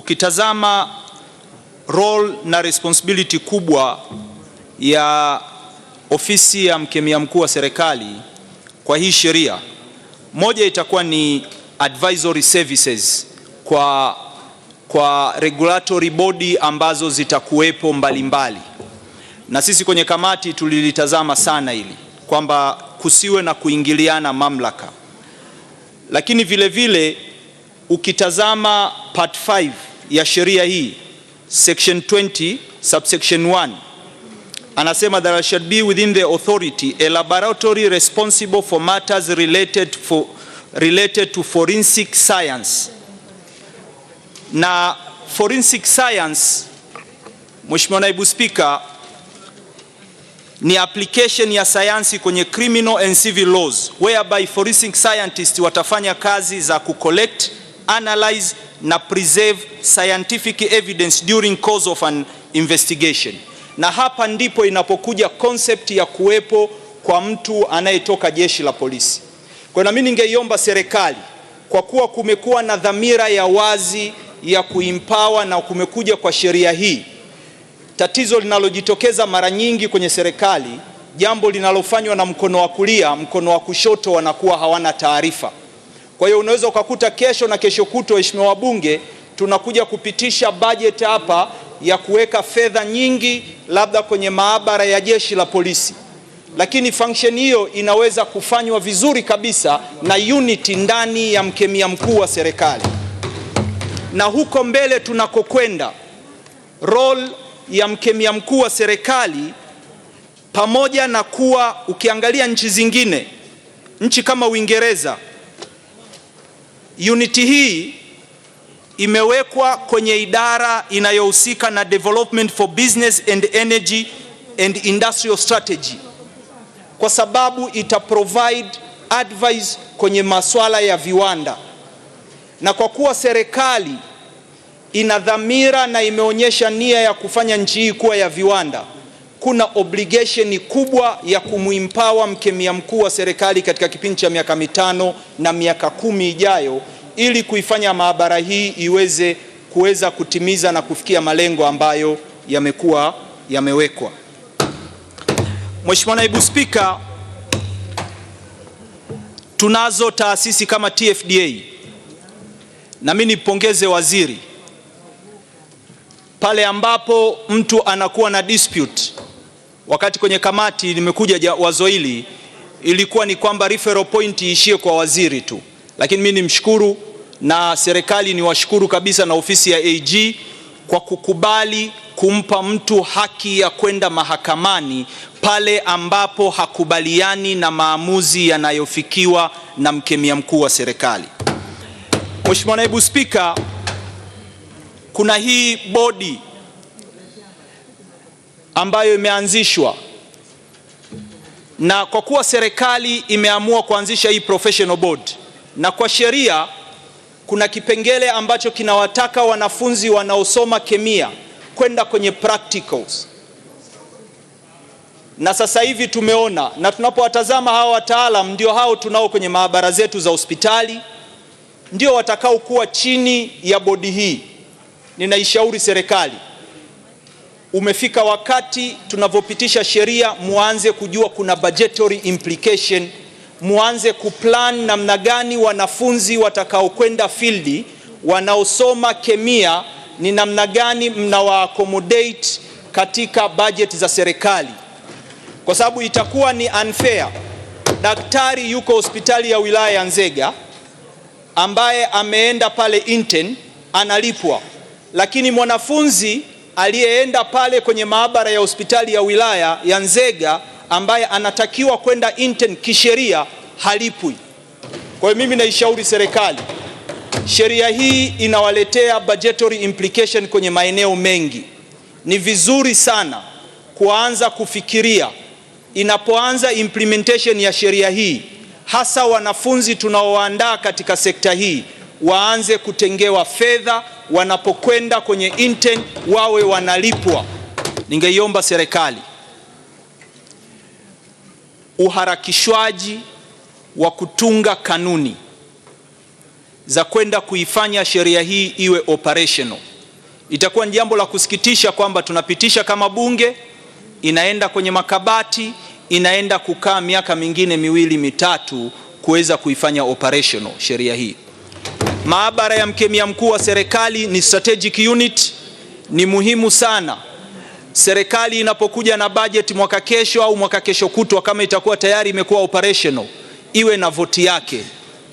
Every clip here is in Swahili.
Ukitazama role na responsibility kubwa ya ofisi ya mkemia mkuu wa serikali kwa hii sheria, moja itakuwa ni advisory services kwa, kwa regulatory body ambazo zitakuwepo mbalimbali, na sisi kwenye kamati tulilitazama sana hili kwamba kusiwe na kuingiliana mamlaka, lakini vile vile ukitazama part 5 ya sheria hii section 20 subsection 1 anasema there shall be within the authority a laboratory responsible for matters related, for, related to forensic science. Na forensic science, Mheshimiwa Naibu Spika, ni application ya sayansi kwenye criminal and civil laws whereby forensic scientists watafanya kazi za kucollect, analyze na preserve scientific evidence during course of an investigation. Na hapa ndipo inapokuja concept ya kuwepo kwa mtu anayetoka jeshi la polisi. Kwa na mimi ningeiomba serikali kwa kuwa kumekuwa na dhamira ya wazi ya kuimpawa na kumekuja kwa sheria hii. Tatizo linalojitokeza mara nyingi kwenye serikali, jambo linalofanywa na mkono wa kulia, mkono wa kushoto wanakuwa hawana taarifa. Kwa hiyo unaweza ukakuta kesho na kesho kutwa, waheshimiwa wabunge, tunakuja kupitisha bajeti hapa ya kuweka fedha nyingi labda kwenye maabara ya jeshi la polisi, lakini function hiyo inaweza kufanywa vizuri kabisa na unity ndani ya mkemia mkuu wa serikali, na huko mbele tunakokwenda, role ya mkemia mkuu wa serikali pamoja na kuwa, ukiangalia nchi zingine, nchi kama Uingereza Uniti hii imewekwa kwenye idara inayohusika na development for business and energy and industrial strategy, kwa sababu ita provide advice kwenye masuala ya viwanda, na kwa kuwa serikali ina dhamira na imeonyesha nia ya kufanya nchi hii kuwa ya viwanda kuna obligation kubwa ya kumwimpawa mkemia mkuu wa serikali katika kipindi cha miaka mitano na miaka kumi ijayo ili kuifanya maabara hii iweze kuweza kutimiza na kufikia malengo ambayo yamekuwa yamewekwa. Mheshimiwa Naibu Spika, tunazo taasisi kama TFDA na mimi nipongeze waziri pale ambapo mtu anakuwa na dispute wakati kwenye kamati nimekuja wazo hili, ilikuwa ni kwamba referral point iishie kwa waziri tu, lakini mimi nimshukuru na serikali niwashukuru kabisa na ofisi ya AG kwa kukubali kumpa mtu haki ya kwenda mahakamani pale ambapo hakubaliani na maamuzi yanayofikiwa na mkemia mkuu wa serikali. Mheshimiwa Naibu Spika, kuna hii bodi ambayo imeanzishwa na kwa kuwa serikali imeamua kuanzisha hii professional board, na kwa sheria kuna kipengele ambacho kinawataka wanafunzi wanaosoma kemia kwenda kwenye practicals, na sasa hivi tumeona na tunapowatazama hawa wataalam, ndio hao tunao kwenye maabara zetu za hospitali, ndio watakaokuwa chini ya bodi hii. Ninaishauri serikali umefika wakati tunavyopitisha sheria, muanze kujua kuna budgetary implication, muanze kuplan namna gani wanafunzi watakaokwenda fieldi wanaosoma kemia ni namna gani mnawa accommodate katika budget za serikali, kwa sababu itakuwa ni unfair. Daktari yuko hospitali ya wilaya ya Nzega ambaye ameenda pale intern analipwa, lakini mwanafunzi aliyeenda pale kwenye maabara ya hospitali ya wilaya ya Nzega ambaye anatakiwa kwenda intern kisheria halipwi. Kwa hiyo mimi naishauri serikali, sheria hii inawaletea budgetary implication kwenye maeneo mengi. Ni vizuri sana kuanza kufikiria inapoanza implementation ya sheria hii, hasa wanafunzi tunaoandaa katika sekta hii waanze kutengewa fedha, wanapokwenda kwenye intern wawe wanalipwa. Ningeiomba serikali uharakishwaji wa kutunga kanuni za kwenda kuifanya sheria hii iwe operational. Itakuwa ni jambo la kusikitisha kwamba tunapitisha kama bunge, inaenda kwenye makabati, inaenda kukaa miaka mingine miwili mitatu kuweza kuifanya operational sheria hii. Maabara ya mkemia mkuu wa serikali ni strategic unit, ni muhimu sana. Serikali inapokuja na bajeti mwaka kesho au mwaka kesho kutwa, kama itakuwa tayari imekuwa operational, iwe na voti yake.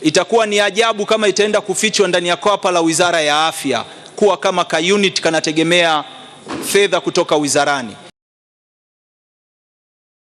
Itakuwa ni ajabu kama itaenda kufichwa ndani ya kwapa la Wizara ya Afya, kuwa kama ka unit kanategemea fedha kutoka wizarani.